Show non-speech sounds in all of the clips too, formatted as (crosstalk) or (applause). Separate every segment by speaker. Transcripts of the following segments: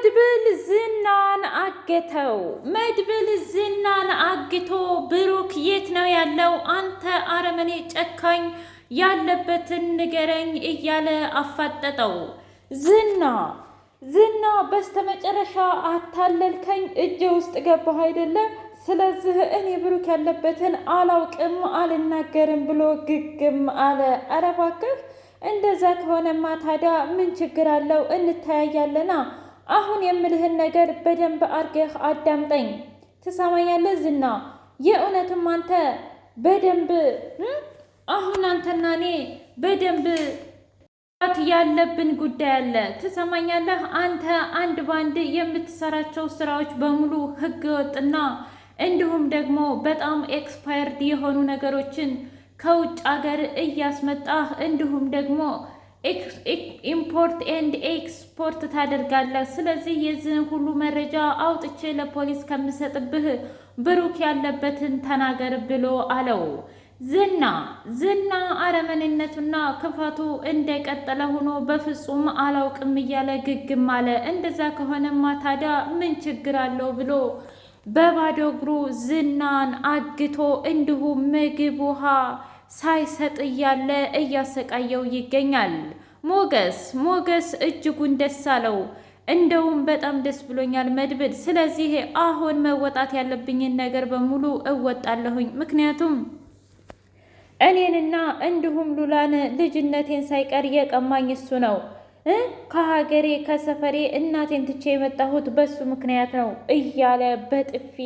Speaker 1: መድብል ዝናን አገተው። መድብል ዝናን አግቶ ብሩክ የት ነው ያለው? አንተ አረመኔ ጨካኝ፣ ያለበትን ንገረኝ እያለ አፋጠጠው። ዝና ዝና በስተመጨረሻ አታለልከኝ፣ እጄ ውስጥ ገባህ አይደለም? ስለዚህ እኔ ብሩክ ያለበትን አላውቅም አልናገርም ብሎ ግግም አለ። አረ እባክህ እንደዛ ከሆነማ ታዲያ ምን ችግር አለው? እንተያያለና አሁን የምልህን ነገር በደንብ አርገህ አዳምጠኝ። ትሰማኛለህ ዝና? የእውነትም አንተ በደንብ አሁን አንተና እኔ በደንብ ት ያለብን ጉዳይ አለ። ትሰማኛለህ? አንተ አንድ ባንድ የምትሰራቸው ስራዎች በሙሉ ህገወጥና እንዲሁም ደግሞ በጣም ኤክስፓየርድ የሆኑ ነገሮችን ከውጭ አገር እያስመጣህ እንዲሁም ደግሞ ኢምፖርት ኤንድ ኤክስፖርት ታደርጋለህ። ስለዚህ የዚህን ሁሉ መረጃ አውጥቼ ለፖሊስ ከምሰጥብህ ብሩክ ያለበትን ተናገር ብሎ አለው። ዝና ዝና አረመኔነቱና ክፋቱ እንደቀጠለ ሆኖ በፍጹም አላውቅም እያለ ግግም አለ። እንደዛ ከሆነማ ታዲያ ምን ችግር አለው ብሎ በባዶ እግሩ ዝናን አግቶ እንዲሁም ምግብ ውሃ ሳይሰጥ እያለ እያሰቃየው ይገኛል። ሞገስ ሞገስ እጅጉን ደስ አለው። እንደውም በጣም ደስ ብሎኛል መድብል። ስለዚህ አሁን መወጣት ያለብኝን ነገር በሙሉ እወጣለሁኝ። ምክንያቱም እኔንና እንዲሁም ሉላን ልጅነቴን ሳይቀር የቀማኝ እሱ ነው። ከሀገሬ ከሰፈሬ እናቴን ትቼ የመጣሁት በሱ ምክንያት ነው እያለ በጥፊ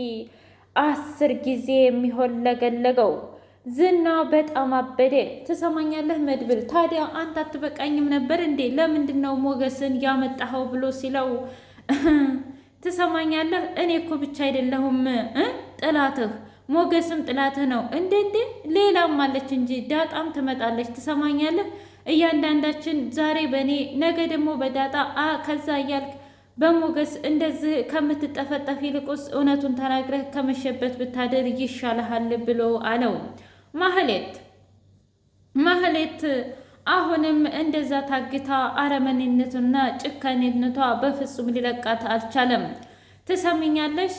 Speaker 1: አስር ጊዜ የሚሆን ለገለገው። ዝና በጣም አበደ። ትሰማኛለህ መድብል፣ ታዲያ አንተ አትበቃኝም ነበር እንዴ? ለምንድን ነው ሞገስን ያመጣኸው? ብሎ ሲለው ትሰማኛለህ፣ እኔ እኮ ብቻ አይደለሁም ጥላትህ፣ ሞገስም ጥላትህ ነው። እንዴ እንዴ፣ ሌላም አለች እንጂ ዳጣም ትመጣለች። ትሰማኛለህ፣ እያንዳንዳችን ዛሬ በእኔ ነገ ደግሞ በዳጣ አ ከዛ እያልክ በሞገስ እንደዚህ ከምትጠፈጠፍ ይልቁስ እውነቱን ተናግረህ ከመሸበት ብታደር ይሻልሃል ብሎ አለው። ማህሌት ማህሌት አሁንም እንደዛ ታግታ አረመኔነቱና ጭካኔነቷ በፍጹም ሊለቃት አልቻለም። ትሰምኛለሽ?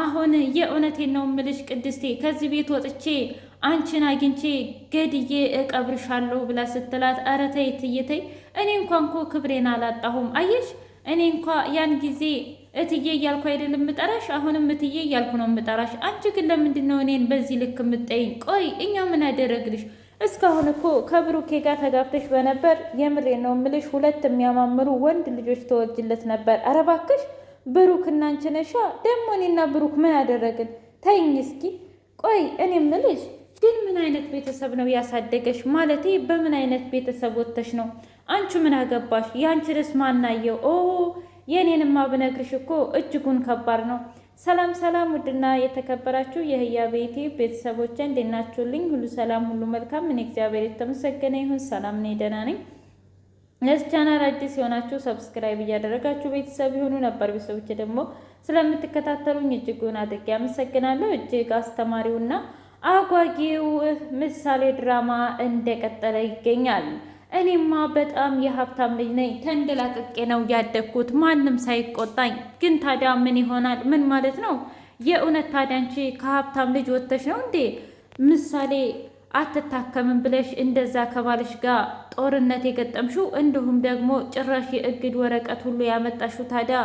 Speaker 1: አሁን የእውነቴን ነው ምልሽ ቅድስቴ፣ ከዚህ ቤት ወጥቼ አንቺን አግኝቼ ገድዬ እቀብርሻለሁ ብላ ስትላት፣ ኧረ ተይ ተይ፣ እኔ እንኳ እንኮ ክብሬን አላጣሁም። አየሽ እኔ እንኳ ያን ጊዜ እትዬ እያልኩ አይደለም የምጠራሽ? አሁንም እትዬ እያልኩ ነው የምጠራሽ። አንቺ ግን ለምንድን ነው እኔን በዚህ ልክ የምጠይኝ? ቆይ እኛ ምን አደረግልሽ? እስካሁን እኮ ከብሩኬ ጋር ተጋብተሽ በነበር የምሬ ነው ምልሽ፣ ሁለት የሚያማምሩ ወንድ ልጆች ተወልጅለት ነበር። ኧረ እባክሽ ብሩክ እና አንቺ ነሻ። ደግሞ እኔና ብሩክ ምን አደረግን? ተይኝ እስኪ። ቆይ እኔ ምልሽ ግን ምን አይነት ቤተሰብ ነው ያሳደገሽ? ማለቴ በምን አይነት ቤተሰብ ወጥተሽ ነው? አንቺ ምን አገባሽ? የአንቺ ርስ ማናየው? ኦ የእኔንማ ብነግርሽ እኮ እጅጉን ከባድ ነው። ሰላም ሰላም፣ ውድና የተከበራችሁ የህያ ቤቴ ቤተሰቦች እንዴት ናችሁልኝ? ሁሉ ሰላም፣ ሁሉ መልካም። እኔ እግዚአብሔር የተመሰገነ ይሁን ሰላም ነኝ፣ ደህና ነኝ። ለዚህ ቻናል አዲስ የሆናችሁ ሰብስክራይብ እያደረጋችሁ ቤተሰብ የሆኑ ነበር ቤተሰቦች ደግሞ ስለምትከታተሉኝ እጅጉን አድርጌ አመሰግናለሁ። እጅግ አስተማሪውና አጓጊው ምሳሌ ድራማ እንደቀጠለ ይገኛል። እኔማ በጣም የሀብታም ልጅ ነኝ፣ ተንደላቅቄ ነው ያደግኩት ማንም ሳይቆጣኝ። ግን ታዲያ ምን ይሆናል? ምን ማለት ነው? የእውነት ታዲያ አንቺ ከሀብታም ልጅ ወጥተሽ ነው እንዴ? ምሳሌ አትታከምም ብለሽ እንደዛ ከባልሽ ጋር ጦርነት የገጠምሽው እንዲሁም ደግሞ ጭራሽ የእግድ ወረቀት ሁሉ ያመጣሽው ታዲያ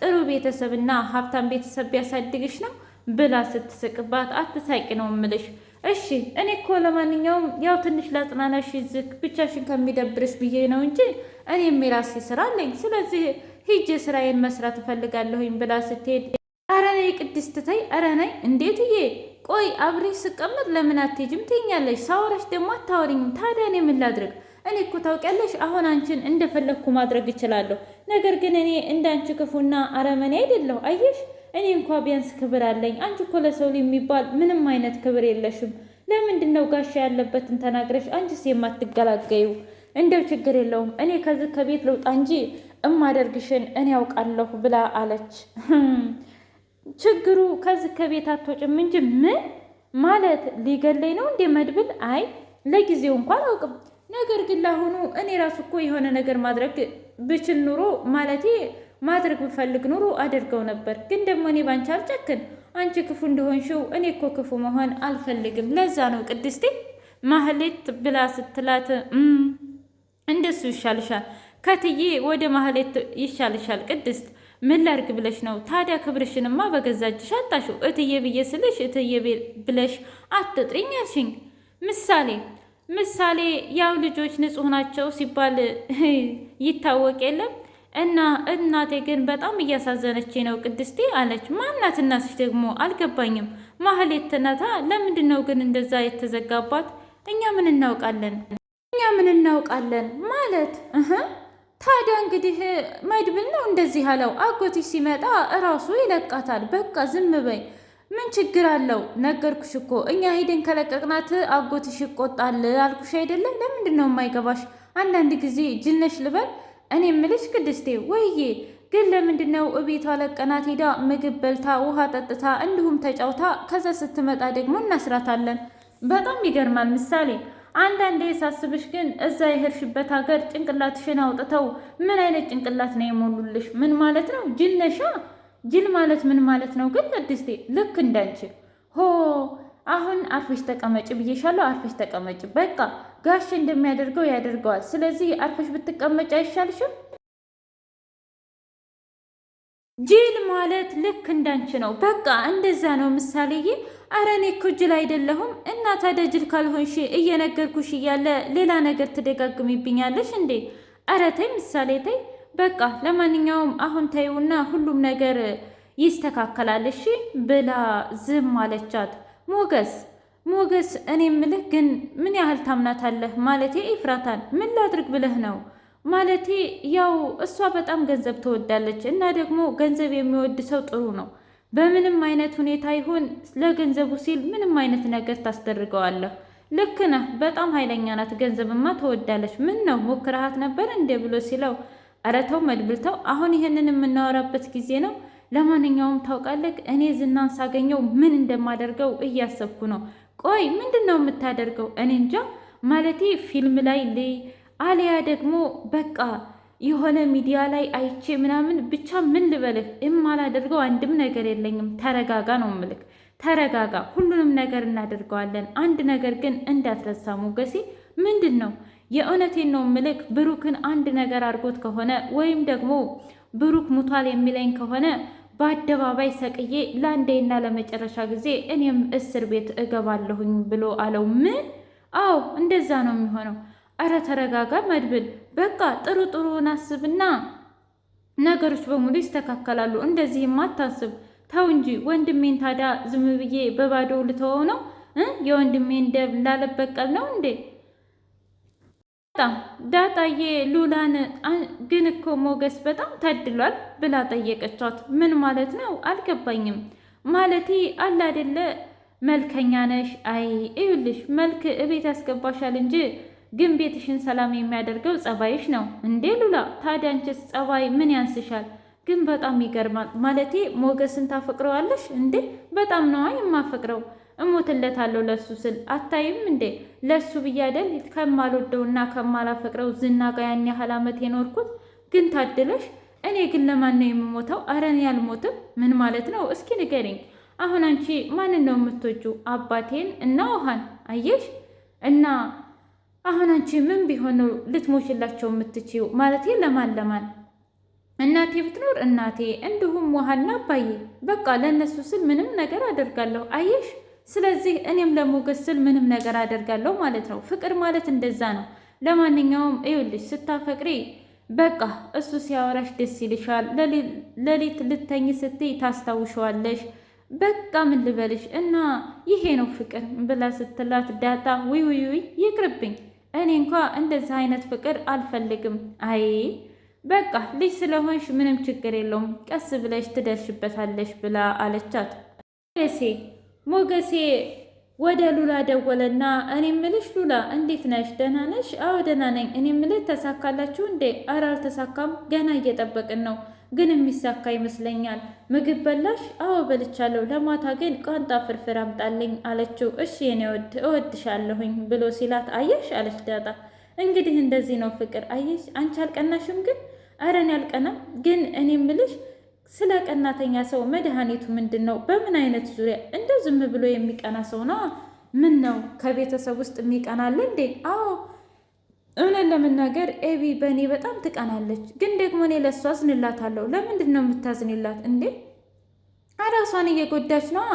Speaker 1: ጥሩ ቤተሰብና ሀብታም ቤተሰብ ቢያሳድግሽ ነው ብላ ስትስቅባት፣ አትሳቂ ነው እምልሽ። እሺ እኔ እኮ ለማንኛውም ያው ትንሽ ላጽናናሽ ዝክ ብቻሽን ከሚደብርሽ ብዬ ነው እንጂ እኔ የራሴ ስራ አለኝ። ስለዚህ ሂጅ ስራዬን መስራት እፈልጋለሁኝ ብላ ስትሄድ፣ ኧረ ነይ ቅድስት ተይ፣ ኧረ ነይ እንዴትዬ፣ ቆይ አብሬ ስቀመጥ ለምን አትሄጂም ትይኛለሽ፣ ሳወራሽ ደግሞ አታወሪኝም። ታዲያ እኔ ምን ላድርግ? እኔ እኮ ታውቂያለሽ፣ አሁን አንቺን እንደፈለግኩ ማድረግ እችላለሁ። ነገር ግን እኔ እንዳንቺ ክፉና አረመኔ አይደለሁ። አየሽ እኔ እንኳ ቢያንስ ክብር አለኝ። አንቺ እኮ ለሰው የሚባል ምንም አይነት ክብር የለሽም። ለምንድን ነው ጋሻ ያለበትን ተናግረሽ አንቺስ የማትገላገዩ? እንደው ችግር የለውም እኔ ከዚህ ከቤት ልውጣ እንጂ እማደርግሽን እኔ ያውቃለሁ ብላ አለች። (laughs) ችግሩ ከዚህ ከቤት አትወጭም እንጂ ምን ማለት ሊገለኝ ነው እንዴ መድብል? አይ ለጊዜው እንኳን አውቅም። ነገር ግን ለአሁኑ እኔ ራሱ እኮ የሆነ ነገር ማድረግ ብችል ኑሮ ማለቴ ማድረግ ብፈልግ ኑሮ አድርገው ነበር። ግን ደግሞ እኔ ባንቺ አልጨክን። አንቺ ክፉ እንደሆንሽው እኔ እኮ ክፉ መሆን አልፈልግም። ለዛ ነው ቅድስቴ ማህሌት ብላ ስትላት እንደሱ ይሻልሻል፣ ከትዬ ወደ ማህሌት ይሻልሻል ቅድስት ምን ላርግ ብለሽ ነው ታዲያ? ክብርሽንማ በገዛ እጅሽ አጣሽው። እትዬ ብዬ ስልሽ እትዬ ብለሽ አትጥሪኝ አልሽኝ። ምሳሌ ምሳሌ ያው ልጆች ንጹህ ናቸው ሲባል ይታወቅ የለም እና እናቴ ግን በጣም እያሳዘነች ነው ቅድስቴ አለች። ማናት እናትሽ ደግሞ አልገባኝም። ማህሌት ናታ። ለምንድን ነው ግን እንደዛ የተዘጋባት? እኛ ምን እናውቃለን? እኛ ምን እናውቃለን ማለት ታዲያ እንግዲህ መድብል ነው እንደዚህ አለው። አጎትሽ ሲመጣ እራሱ ይለቃታል። በቃ ዝም በይ፣ ምን ችግር አለው? ነገርኩሽ እኮ እኛ ሄደን ከለቀቅናት አጎትሽ ይቆጣል። አልኩሽ አይደለም? ለምንድን ነው የማይገባሽ? አንዳንድ ጊዜ ጅነሽ ልበል እኔ ምልሽ ቅድስቴ፣ ወይዬ ግን ለምንድን ነው እቤቷ ለቀናት ሄዳ ምግብ በልታ ውሃ ጠጥታ እንዲሁም ተጫውታ ከዛ ስትመጣ ደግሞ እናስራታለን? በጣም ይገርማል። ምሳሌ አንዳንዴ ሳስብሽ ግን እዛ የሄድሽበት ሀገር ጭንቅላትሽን አውጥተው ምን አይነት ጭንቅላት ነው የሞሉልሽ? ምን ማለት ነው? ጅል ነሻ። ጅል ማለት ምን ማለት ነው ግን ቅድስቴ? ልክ እንዳንቺ ሆ። አሁን አርፈሽ ተቀመጭ ብዬሻለሁ። አርፈሽ ተቀመጭ በቃ ጋሽ እንደሚያደርገው ያደርገዋል። ስለዚህ አርፈሽ ብትቀመጭ አይሻልሽም? ጅል ማለት ልክ እንዳንቺ ነው። በቃ እንደዛ ነው ምሳሌዬ። አረ እኔ እኮ ጅል አይደለሁም። እና ታዲያ ጅል ካልሆንሽ እየነገርኩሽ እያለ ሌላ ነገር ትደጋግሚብኛለሽ እንዴ? አረ ተይ ምሳሌ ተይ። በቃ ለማንኛውም አሁን ተይውና ሁሉም ነገር ይስተካከላል እሺ ብላ ዝም አለቻት ሞገስ ሞገስ እኔ ምልህ ግን ምን ያህል ታምናታለህ? ማለቴ ኤፍራታን ምን ላድርግ ብለህ ነው? ማለቴ ያው እሷ በጣም ገንዘብ ትወዳለች እና ደግሞ ገንዘብ የሚወድ ሰው ጥሩ ነው። በምንም አይነት ሁኔታ ይሁን ለገንዘቡ ሲል ምንም አይነት ነገር ታስደርገዋለሁ? ልክ ነህ፣ በጣም ኃይለኛ ናት። ገንዘብማ ትወዳለች። ምን ነው ሞክረሃት ነበር እንዴ ብሎ ሲለው አረተው መድብልተው አሁን ይህንን የምናወራበት ጊዜ ነው። ለማንኛውም ታውቃለህ፣ እኔ ዝናን ሳገኘው ምን እንደማደርገው እያሰብኩ ነው። ቆይ ምንድን ነው የምታደርገው? እኔ እንጃ ማለቴ ፊልም ላይ ልይ አሊያ ደግሞ በቃ የሆነ ሚዲያ ላይ አይቼ ምናምን ብቻ ምን ልበልህ፣ የማላደርገው አንድም ነገር የለኝም። ተረጋጋ ነው ምልክ፣ ተረጋጋ። ሁሉንም ነገር እናደርገዋለን። አንድ ነገር ግን እንዳትረሳ ሞገሴ። ምንድን ነው? የእውነቴን ነው ምልክ፣ ብሩክን አንድ ነገር አድርጎት ከሆነ ወይም ደግሞ ብሩክ ሙቷል የሚለኝ ከሆነ በአደባባይ ሰቅዬ ለአንዴና ለመጨረሻ ጊዜ እኔም እስር ቤት እገባለሁኝ ብሎ አለው። ምን? አዎ እንደዛ ነው የሚሆነው። አረ ተረጋጋ መድብል። በቃ ጥሩ ጥሩን አስብና ነገሮች በሙሉ ይስተካከላሉ። እንደዚህም አታስብ። ተው እንጂ ወንድሜን ታዲያ ዝም ብዬ በባዶ ልተወው ነው? የወንድሜን ደብ ላለበቀል ነው እንዴ? ዳጣዬ ሉላን ግን እኮ ሞገስ በጣም ታድሏል ብላ ጠየቀቻት። ምን ማለት ነው አልገባኝም። ማለቴ አለ አይደለ መልከኛ ነሽ። አይ እዩልሽ መልክ እቤት ያስገባሻል እንጂ ግን ቤትሽን ሰላም የሚያደርገው ጸባይሽ ነው እንዴ ሉላ። ታዲያ አንቺስ ጸባይ ምን ያንስሻል? ግን በጣም ይገርማል። ማለቴ ሞገስን ታፈቅረዋለሽ እንዴ? በጣም ነዋ የማፈቅረው እሞትለታለሁ ለሱ ስል አታይም እንዴ? ለሱ ብያደል እና ከማላፈቅረው ዝና ጋ ያን ያህል ዓመት የኖርኩት ግን ታድለሽ። እኔ ግን ለማን ነው የምሞተው? አረ እኔ አልሞትም። ምን ማለት ነው? እስኪ ንገሪኝ። አሁን አንቺ ማንን ነው የምትወጁ? አባቴን እና ውሃን አየሽ እና አሁን አንቺ ምን ቢሆን ነው ልትሞችላቸው የምትችው? ማለት ለማን ለማን? እናቴ ብትኖር እናቴ፣ እንዲሁም ውሃና አባዬ። በቃ ለእነሱ ስል ምንም ነገር አደርጋለሁ። አየሽ ስለዚህ እኔም ለሞገስ ስል ምንም ነገር አደርጋለሁ ማለት ነው። ፍቅር ማለት እንደዛ ነው። ለማንኛውም ልጅ ስታፈቅሪ በቃ እሱ ሲያወራሽ ደስ ይልሻል። ሌሊት ልተኝ ስትይ ታስታውሸዋለሽ። በቃ ምን ልበልሽ እና ይሄ ነው ፍቅር ብላ ስትላት ዳታ ውይ ውይ ውይ ይቅርብኝ፣ እኔ እንኳ እንደዚህ አይነት ፍቅር አልፈልግም። አይ በቃ ልጅ ስለሆንሽ ምንም ችግር የለውም፣ ቀስ ብለሽ ትደርሽበታለሽ ብላ አለቻት ደሴ ሞገሴ ወደ ሉላ ደወለና እኔ ምልሽ ሉላ እንዴት ነሽ? ደህና ነሽ? አዎ ደህና ነኝ። እኔ ምልህ ተሳካላችሁ እንዴ? ኧረ አልተሳካም፣ ገና እየጠበቅን ነው፣ ግን የሚሳካ ይመስለኛል። ምግብ በላሽ? አዎ በልቻለሁ። ለማታ ግን ቋንጣ ፍርፍር አምጣልኝ አለችው። እሺ የኔ ወድ እወድሻለሁኝ ብሎ ሲላት አየሽ አለች ዳጣ። እንግዲህ እንደዚህ ነው ፍቅር። አየሽ አንቺ አልቀናሽም ግን? አረን እኔ ግን እኔ ምልሽ ስለ ቀናተኛ ሰው መድኃኒቱ ምንድን ነው? በምን አይነት ዙሪያ እንደ ዝም ብሎ የሚቀና ሰው ነው? ምን ነው ከቤተሰብ ውስጥ የሚቀናል እንዴ? አዎ እውነት ለመናገር ኤቢ በእኔ በጣም ትቀናለች። ግን ደግሞ እኔ ለእሷ አዝንላታለሁ። ለምንድን ነው የምታዝንላት እንዴ? እራሷን እየጎዳች ነዋ።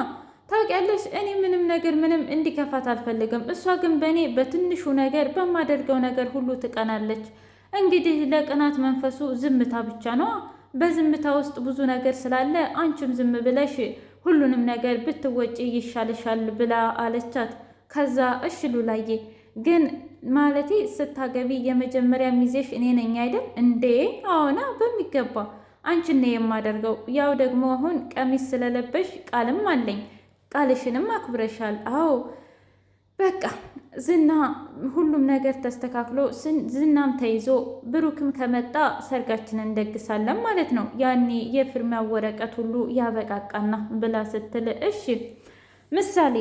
Speaker 1: ታውቂያለሽ፣ እኔ ምንም ነገር ምንም እንዲከፋት አልፈልግም። እሷ ግን በእኔ በትንሹ ነገር፣ በማደርገው ነገር ሁሉ ትቀናለች። እንግዲህ ለቅናት መንፈሱ ዝምታ ብቻ ነዋ። በዝምታ ውስጥ ብዙ ነገር ስላለ አንቺም ዝም ብለሽ ሁሉንም ነገር ብትወጪ ይሻልሻል ብላ አለቻት። ከዛ እሽ ሉላዬ ግን ማለቴ ስታገቢ የመጀመሪያ ሚዜሽ እኔ ነኝ አይደል እንዴ? አዎና፣ በሚገባ አንቺን ነው የማደርገው። ያው ደግሞ አሁን ቀሚስ ስለለበሽ ቃልም አለኝ። ቃልሽንም አክብረሻል። አዎ በቃ ዝና ሁሉም ነገር ተስተካክሎ ዝናም ተይዞ ብሩክም ከመጣ ሰርጋችንን እንደግሳለን ማለት ነው። ያኔ የፊርማ ወረቀት ሁሉ ያበቃቃና ብላ ስትል እሺ ምሳሌ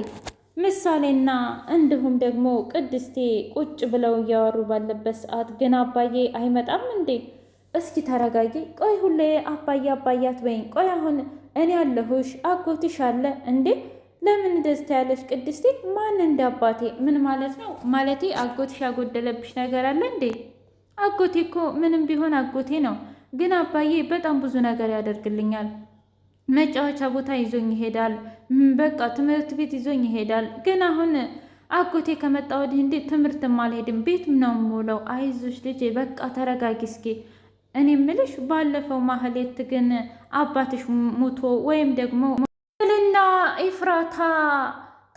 Speaker 1: ምሳሌና እንዲሁም ደግሞ ቅድስቴ ቁጭ ብለው እያወሩ ባለበት ሰዓት ግን አባዬ አይመጣም እንዴ? እስኪ ተረጋጊ። ቆይ ሁሌ አባዬ አባያት አትበይኝ። ቆይ አሁን እኔ ያለሁሽ አጎትሽ አለ እንዴ ለምን ደስታ ያለሽ ቅድስቴ? ማን እንደ አባቴ? ምን ማለት ነው? ማለቴ አጎትሽ ያጎደለብሽ ነገር አለ እንዴ? አጎቴ እኮ ምንም ቢሆን አጎቴ ነው። ግን አባዬ በጣም ብዙ ነገር ያደርግልኛል። መጫወቻ ቦታ ይዞኝ ይሄዳል። በቃ ትምህርት ቤት ይዞኝ ይሄዳል። ግን አሁን አጎቴ ከመጣ ወዲህ እንዴት ትምህርትም አልሄድም፣ ቤት ነው የምውለው። አይዞሽ ልጄ፣ በቃ ተረጋጊ እስኪ። እኔ ምልሽ ባለፈው ማህሌት ግን አባትሽ ሙቶ ወይም ደግሞ ልና ኢፍራታ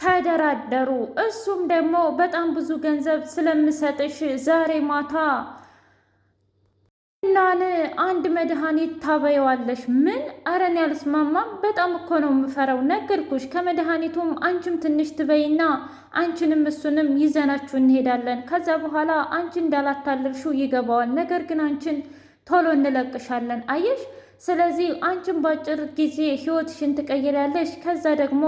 Speaker 1: ተደራደሩ። እሱም ደግሞ በጣም ብዙ ገንዘብ ስለምሰጥሽ ዛሬ ማታ እናን አንድ መድኃኒት ታበየዋለሽ። ምን አረን ያልስማማም። በጣም እኮ ነው የምፈረው። ነገርኩሽ። ከመድኃኒቱም አንቺም ትንሽ ትበይና አንቺንም እሱንም ይዘናችሁ እንሄዳለን። ከዛ በኋላ አንቺ እንዳላታለልሽው ይገባዋል። ነገር ግን አንቺን ቶሎ እንለቅሻለን። አየሽ ስለዚህ አንቺን ባጭር ጊዜ ህይወትሽን ትቀይሪያለሽ። ከዛ ደግሞ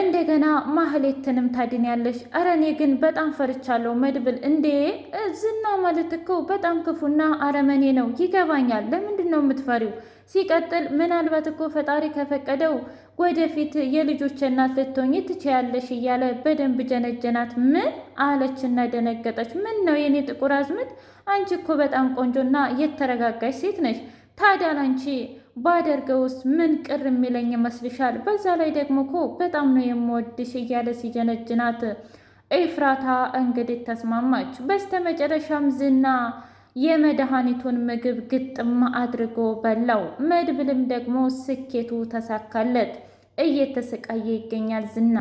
Speaker 1: እንደገና ማህሌትንም ታድንያለሽ። እረ እኔ ግን በጣም ፈርቻለሁ መድብል። እንዴ ዝና ማለት እኮ በጣም ክፉና አረመኔ ነው፣ ይገባኛል። ለምንድን ነው የምትፈሪው? ሲቀጥል ምናልባት እኮ ፈጣሪ ከፈቀደው ወደፊት የልጆች እናት ልትሆኚ ትችያለሽ እያለ በደንብ ጀነጀናት። ምን አለችና ደነገጠች። ምን ነው የኔ ጥቁር አዝምት፣ አንቺ እኮ በጣም ቆንጆና የተረጋጋች ሴት ነች ታዲያ ላንቺ ውስጥ ምን ቅር የሚለኝ ይመስልሻል? በዛ ላይ ደግሞ እኮ በጣም ነው የምወድሽ እያለ ሲጀነጅናት ኤፍራታ እንግዲህ ተስማማች። በስተመጨረሻም ዝና የመድኃኒቱን ምግብ ግጥም አድርጎ በላው። መድብልም ደግሞ ስኬቱ ተሳካለት። እየተሰቃየ ይገኛል ዝና